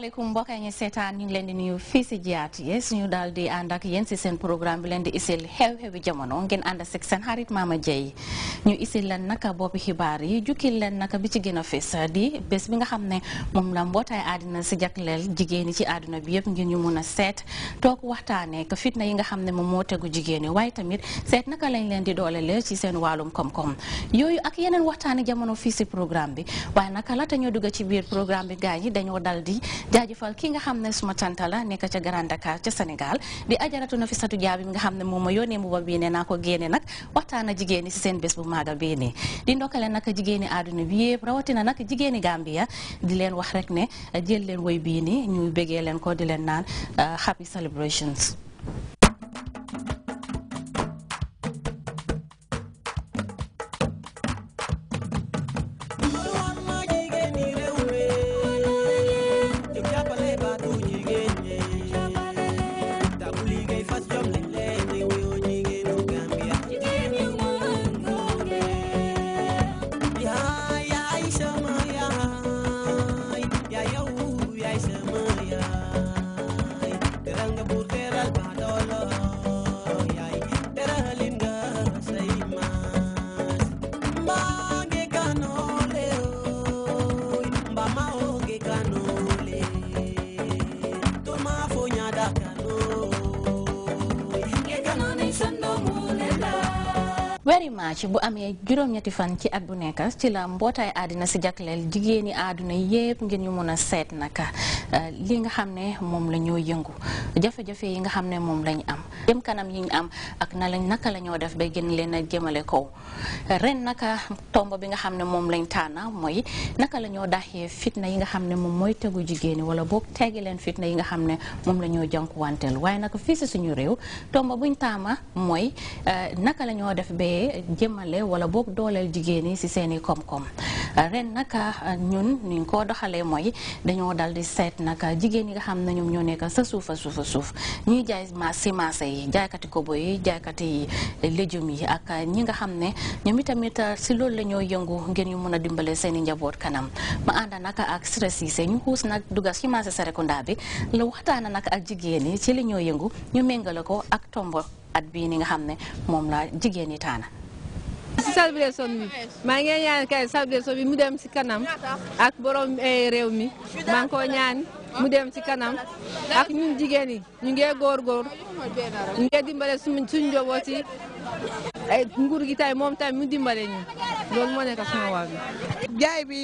asalaamaaleykum mbokk ñi seetaan ñu ngi leen di nuyu fii si GRTS ñu daal di ànd ak yéen si seen programme bi leen di isil xew-xewi jamono ngeen ànd ak seen xarit Mama Dieye ñu isil leen naka boppi xibaar yi jukkil leen naka bi ci gën a fes di bés bi nga xam ne moom la mbootaay àddina si jagleel jigéen yi ci àdduna bi yëpp ngir ñu mun a seet toog waxtaanee ko fitna yi nga xam ne moom moo tegu jigéen yi waaye tamit seet naka lañ leen di doolele ci seen wàllum koom yooyu ak yeneen waxtaani jamono fii si programme bi waaye naka la te dugg ci biir programme bi gaa yi dañoo dal di jaajëfal ki nga xam ne suma tanta la nekk ca Grand Dakar ca Sénégal di ajaratu Nafissatou Diaby mi nga xam ne moom ma yónnee mu ba bii ne ko génne nag waxtaan a jigéen yi si seen bés maagal bii nii di ndokkale nag jigéeni àdduna bi yëpp rawatina nag jigéeni Gambia di leen wax rek ne jël leen woy bii nii ñu bégee leen ko di leen naan uh, happy celebrations weeri maaci bu amé juróom-ñetti fan ci at bu nekk ci la mbootaay adina si jaklel jigéen aduna yépp ngeen ñu mëna a seet naka eh, li nga xam ne moom la ñoo yëngu jafe-jafe yi nga xam ne moom am jëm kanam yi ñu am ak na lañ naka la ñoo def ba gën leen a jëmale kaw ren naka tomb bi nga xam ne moom lañ tànna mooy naka lañoo ñoo daxee fitna yi nga xam ne moom mooy tegu jigéen ñi wala boog tegi leen fitna yi nga xam ne moom la ñoo jànkuwanteel waaye naka fii si suñu réew tomb buñ taama mooy euh, naka lañoo def ba jëmale wala boog dooleel jigéen ñi si seen i koom ren naka euh, ñun niñ koo doxalee mooy dañoo dal di seet naka jigéen yi nga xam ne ñoo nekk sa suuf suufa suuf ñuy jaay ma si marché yi yi jaaykati kobo yi jaaykati légumes yi ak ñi nga xam ne ñoom itamit si loolu la ñoo yëngu ngeen ñu mën a dimbale seeni i njaboot kanam ma ànda naka ak stress yi ñu xuus nag dugas si marché Serekunda bi la waxtaana nag ak jigéen yi ci li ñoo yëngu ñu méngale ko ak tombo at bii ni nga xam ne moom la jigéen yi taana si celebration bi maa ngi ñaan kay celebration bi mu dem si kanam ak borom eh, réew mi maa ñaan mu dem ci kanam ak ñun jigéen yi ñu ngee góor ñu ngee dimbale suñ suñ njaboot yi nguur gi tay moom tay mu dimbale ñu loolu moo nekk sama waa bi jaay bi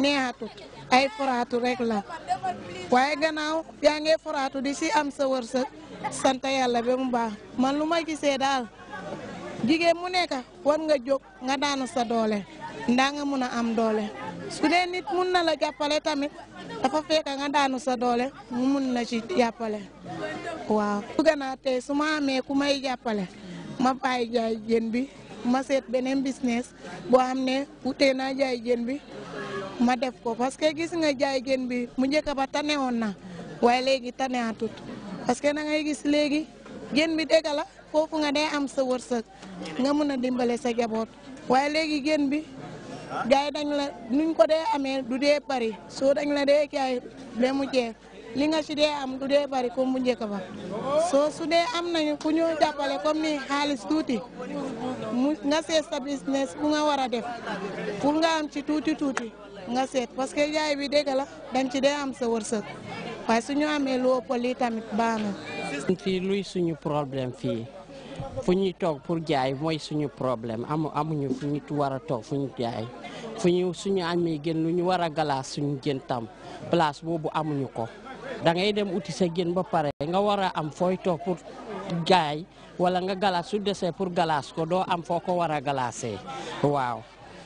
neexatut ay foraatu rek la waaye gannaaw yaa ngee foraatu di si am sa wërsëg santa yàlla ba mu baax man lu ma gisee daal jigéen mu nekk war nga jóg nga daanu sa doole ndaa nga mun a am doole su dee nit mun na la jàppale tamit dafa fekk nga daanu sa doole mun na ci jàppale waaw. bëgg naa su ma amee ku may jàppale ma bàyyi jaay jën bi ma seet beneen business boo xam ne utee naa jaay jën bi ma def ko parce que gis nga jaay jën bi mu njëkk ba tane woon na waaye léegi tane parce que na ngay gis léegi jën bi dégg la foofu nga day am sa wërsëg nga mun a dimbale sa jaboot waaye léegi jën bi. gars yi dañ la nuñ ko dee amee du dee bari soo dañ la dee jaay ba mu jeex li nga si dee am du dee bari comme bu njëkk ba soo su dee am nañu ku ñu jàppale comme ni xaalis tuuti mu nga seet sa business bu nga war a def pour nga am ci tuuti tuuti nga seet parce que jaay bi dégg la dañ ci dee am sa wërsëg parce que ñu amee lu ëpp lii tamit baax na. fii luy suñu problème fii fu ñuy toog pour jaay mooy suñu problème amu amuñu fu ñu war a toog fu ñu jaay. fu ñu suñu amee gën lu ñu war a galaas suñu jën tam place boobu amuñu ko da ngay dem uti sa gën ba pare nga war a am fooy toog pour jaay wala nga galaas su desee pour galaas ko doo am foo ko war a galaasee waaw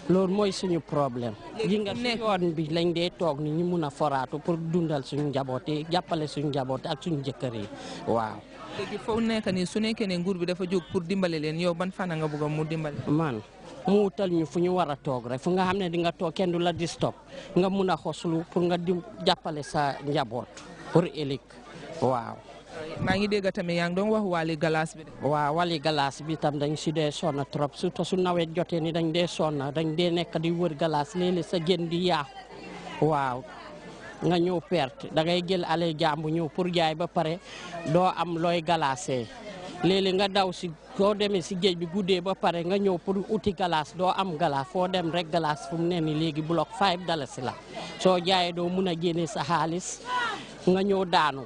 loolu mooy suñu problème ji nga yoon bi lañ dee toog ni ñu mun a foraatu pour dundal suñu njaboot yi jàppale suñu njaboot ak suñ jëkkër yi waaw léegi foo su nekkee ne nguur bi dafa jóg pour dimbale leen yow ban fànn nga bëgg mu dimbale man mutal ñu fu ñu wara tok rek fu nga xamne di nga tok kenn du la di stop nga mëna xoslu pour nga di jappalé sa njabot pour elik waaw. ma ngi dégg tamé yaa do wax wali galaas bi. wa wali galaas bi tam dañ ci dé sonna trop surtout su nawet jotee ni dañ dé sonna dañ dé nek di wër galaas léeg sa gën di yaaxu waaw. nga ñëw perte da ngay jël ale jambu ñëw pour jaay ba pare do am loy galaasee léeg nga daw si soo demee si géej bi guddee ba pare nga ñëw pour uti galaas doo am galaas foo dem rek galaas fu mu ne nii léegi bloc 5 dalasi la soo jaayee doo mun a génne sa xaalis nga ñëw daanu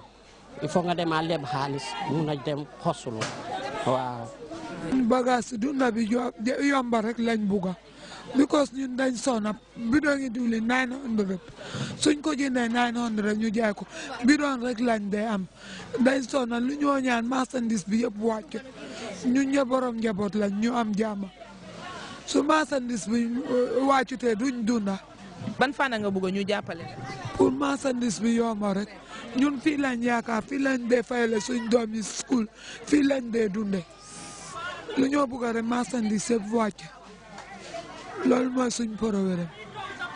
il faut nga demaa leb xaalis mun a dem xosulu waaw. bagage si bi yomba rek lañ bugga because ñun dañ soona bidon yi diwlin 900 suñ ko jëndee 900 ñu jaay ko bidon rek lañ day am dañ soona lu ñoo ñaan marchandise bi yëpp wàcc ñun ñëpp borom njaboot lañ ñu am jàmm su marchandise bi du uh, duñ dunda ban fànn nga bëgg ñu jàppale pour marchandise bi yomb rek ñun fii lañ yaakaar fii lañ dee fayale suñ doom school fii lañ dee dunde lu ñoo bëgg rek marchandise yëpp wàcc loolu mooy suñ problème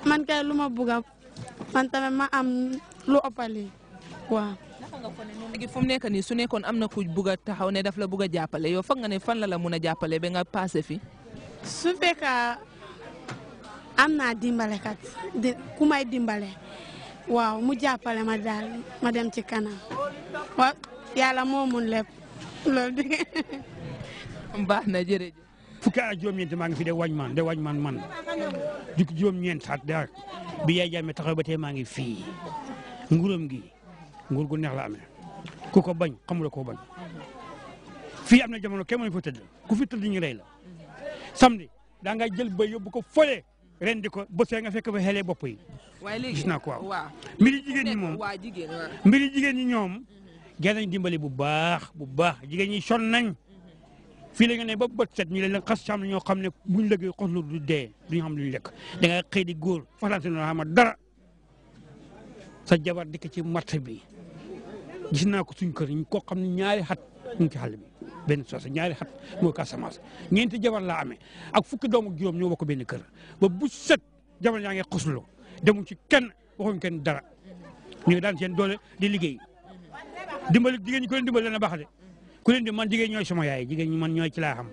man kay lu ma bëgg man tamit ma am lu ëppale waaw nga fu mu nekk nii su nekkoon am na ku bugg taxaw ne daf la bugg a yoo fa nga ne fan la la mun a jàppale ba nga passé fi su fekka am naa dimbalekat di ku may dimbale waaw mu jàppale ma daal ma dem ci kanam wa yàlla moo mun lépp di baax na jërëjëf fukki at juróom-ñeent maa ngi fi de wañ man de wañ man man juk juróom-ñeent at daal bi yaay jaame taxaw ba te maa ngi fii nguuram gi nguur gu neex la amee ku ko bañ xamula ko bañ fii am na jamono kenn mënu fa tëdd ku fi tëdd ñu rey la samedi daa nga jël ba yóbbu ko foyee ren di ko bësee nga fekk fa xelee bopp yi. waaye léegi gis ko waaw. mbiri jigéen ñi moom mbiri ñoom. gën dimbali bu baax bu baax jigéen ñi son nañ fii la ñu ne ba bët set ñu leen la xas sam ñoo xam ne buñ lëggee xoslu du dee duñu xam luñu lekk da nga xëy di góor faral di dara sa jabar dikk ci marché bi. gis naa ko suñ kër ko xam ne ñaari xat ñu ngi ci benn soose ñaari xat mooy Casamance ñeenti jabar laa amee ak fukki doom ak juróom ñoo bokk benn kër ba bu set jabar yaa ngi xusloo demul ci kenn waxuñ kenn dara ñu daan seen doole di liggéey dimbali jigéen ñi ku leen dimbali dana baax de ku leen man jigéen ñooy sama yaay jigéen ñi man ñooy ci laa xam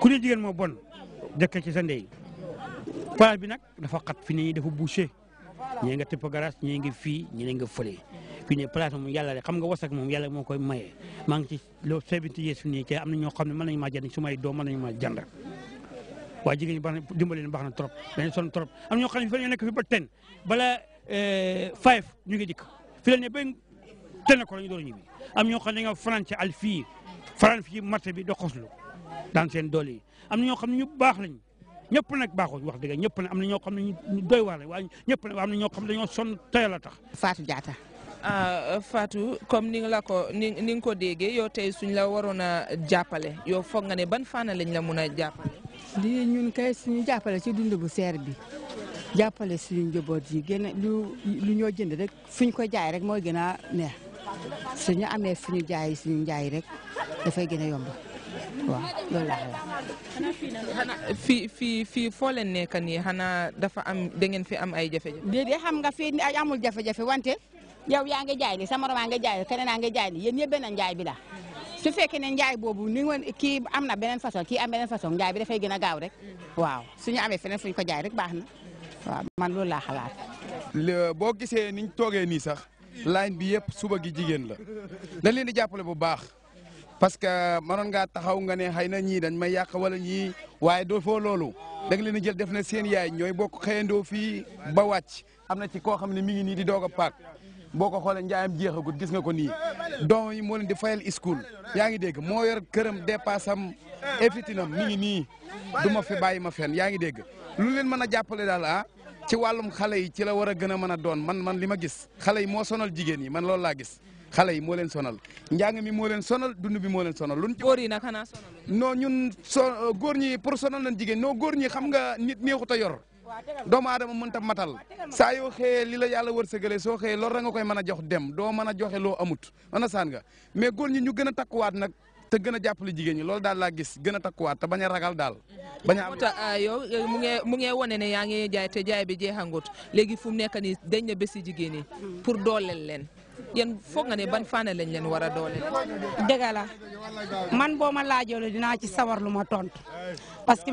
ku ne jigéen moo bon dëkk ci sa ndey bi nag dafa xat fi ne dafa bouché ñii nga tëpp garage ñii nga fii ñii nga fële fi ne place moom yàlla rek xam nga wasak moom yàlla moo koy maye maa ngi ci loo seventy years fi nii te am na ñoo xam ne mën nañu maa jënd su may doom mën nañu maa jënd waaye jigéen ñi baax na dimbali leen baax na trop dañu sonn trop am ñoo xam ne fi la nekk fi ba ten bala eh, five ñu ngi dikk fi la ne ba ten ko la ñu door ñibbi am ñoo xam ne dañoo fanaan ci àll fii fanaan fii marché bi doxoslu daan seen doole yi am na ñoo xam ne ñu baax lañ ñëpp nag baaxul wax dëgg ñëpp nag am na ñoo xam ne ñu doy waar la waaye ñëpp nag am na ñoo xam ne dañoo sonn tayal a tax Fatou Diatta Fatou comme ni nga la ko ni ni nga ko déggee yow tey suñ la waroon a jàppale yow foog nga ne ban faana lañ la mun a jàppale. di ñun kay suñu jàppale ci dund bu seer bi jàppale suñu njaboot yi gën lu lu ñoo jënd rek fuñ ko jaay rek mooy gën a neex suñu amee fuñu jaay suñu jaay rek dafay gën a yomb waaw loolu fii fii fii foo leen nekk nii xanaa dafa am da fi am ay jafe-jafe. déedéet xam nga fii amul jafe-jafe wante. yow yaa nga jaay li sa moromaa nga jaay keneen naa nga jaay li yéen ñëpp beneen njaay bi la su fekkee ne njaay boobu ni nga kii am na beneen façon kii am beneen façon njaay bi dafay gën a gaaw rek waaw suñu amee feneen ñu ko jaay rek baax na waaw man loolu laa xalaat boo gisee niñ toogee nii sax laañ bi yëpp suba gi jigéen la dañ leen di jàppale bu baax parce que mënoon ngaa taxaw nga ne xëy na ñii dañ may yàq wala ñii waaye doo foo loolu da nga leen di jël def na seen yaay ñooy bokk xëyandoo fii ba wàcc am na ci koo xam ne mi ngi nii di doog a paak boo ko xoolee njaayam jeexagut gis nga ko nii doom yi moo leen di fayal school yaa ngi dégg moo yor këram dépassam efitinam mi ngi nii du ma fi bàyyi ma fenn yaa ngi dégg lu leen mën a jàppale daal ah ci wàllum xale yi ci la war a gën a mën a doon man man li ma gis xale yi moo sonal jigéen yi man loolu laa gis xale yi moo leen sonal njàng mi moo leen sonal dund bi moo leen sonal. luñ góor yi nag xanaa sonal non ñun so góor ñi pour sonal nañ jigéen non góor ñi xam nga nit neexut a yor. doomu mën ta matal saa yoo xëyee li la yàlla wërsëgalee soo xëyee loolu nga koy mën a jox dem doo mën a joxe loo amut ana saan nga mais góor ñi ñu gën a takkuwaat nag te gën a jàppale jigéen ñi loolu daal laa gis gën a takkuwaat te bañ a ragal daal bañ a am ah, yow mu ngi mu ngi wane ne yaa ngi jaay te jaay bi jeexangut léegi fu mu nekk nii dañ na bési jigéen ñi pour dooleel leen yéen foog nga ne ban faana lañ leen war a dooleel dëgg la man boo ma laajoole dinaa ci sawar lu ma tontu parce que